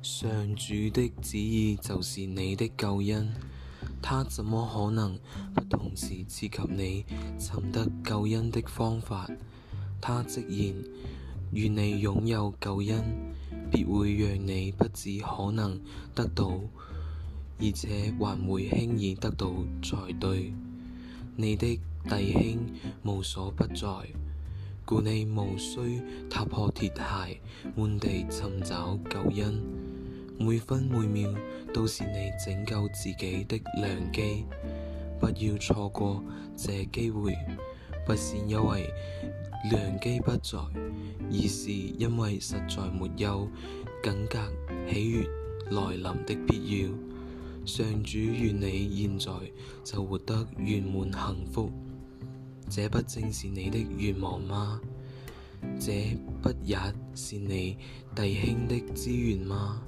上主的旨意就是你的救恩，他怎麼可能不同時賜給你尋得救恩的方法？他既然願你擁有救恩，必會讓你不止可能得到，而且還會輕易得到才對。你的弟兄無所不在，故你無需踏破鐵鞋滿地尋找救恩。每分每秒都是你拯救自己的良機，不要錯過這機會。不是因為良機不在，而是因為實在沒有緊隔喜悅來臨的必要。上主願你現在就活得圓滿幸福，這不正是你的願望嗎？這不也是你弟兄的資源嗎？